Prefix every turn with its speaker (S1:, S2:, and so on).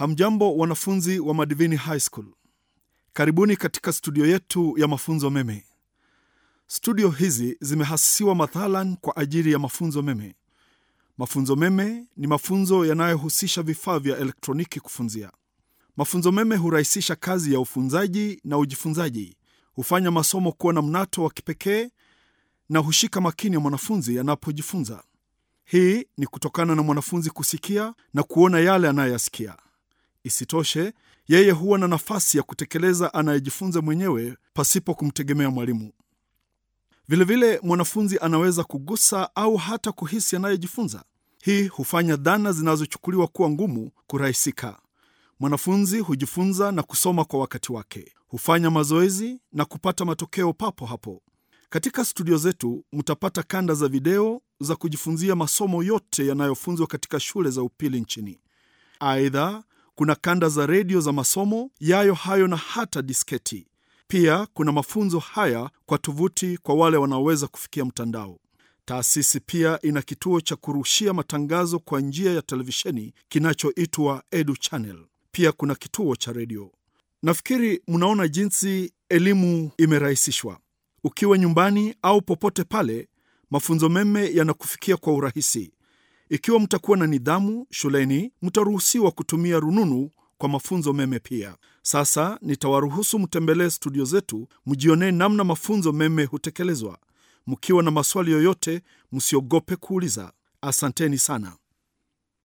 S1: Hamjambo, wanafunzi wa Madivini High School, karibuni katika studio yetu ya mafunzo meme. Studio hizi zimehasisiwa mathalan kwa ajili ya mafunzo meme. Mafunzo meme ni mafunzo yanayohusisha vifaa vya elektroniki kufunzia. Mafunzo meme hurahisisha kazi ya ufunzaji na ujifunzaji, hufanya masomo kuwa na mnato wa kipekee na hushika makini ya mwanafunzi anapojifunza. Hii ni kutokana na mwanafunzi kusikia na kuona yale anayoyasikia. Isitoshe, yeye huwa na nafasi ya kutekeleza anayejifunza mwenyewe pasipo kumtegemea mwalimu. Vilevile, mwanafunzi anaweza kugusa au hata kuhisi anayejifunza. Hii hufanya dhana zinazochukuliwa kuwa ngumu kurahisika. Mwanafunzi hujifunza na kusoma kwa wakati wake, hufanya mazoezi na kupata matokeo papo hapo. Katika studio zetu mtapata kanda za video za kujifunzia masomo yote yanayofunzwa katika shule za upili nchini. Aidha, kuna kanda za redio za masomo yayo hayo na hata disketi. Pia kuna mafunzo haya kwa tovuti kwa wale wanaoweza kufikia mtandao. Taasisi pia ina kituo cha kurushia matangazo kwa njia ya televisheni kinachoitwa Edu Channel. Pia kuna kituo cha redio. Nafikiri mnaona jinsi elimu imerahisishwa. Ukiwa nyumbani au popote pale, mafunzo meme yanakufikia kwa urahisi. Ikiwa mtakuwa na nidhamu shuleni, mtaruhusiwa kutumia rununu kwa mafunzo meme pia. Sasa nitawaruhusu mtembelee studio zetu mjionee namna mafunzo meme hutekelezwa. Mkiwa na maswali yoyote, msiogope kuuliza. Asanteni sana.